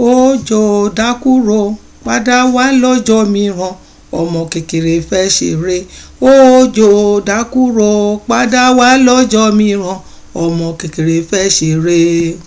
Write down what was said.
Ojo dakuro, padà wá lọ́jọ́ mìíràn ọmọ kékeré fẹ́ ṣeré Ojo dakuro, padà wá lọ́jọ́ mìíràn ọmọ kékeré fẹ́ ṣeré.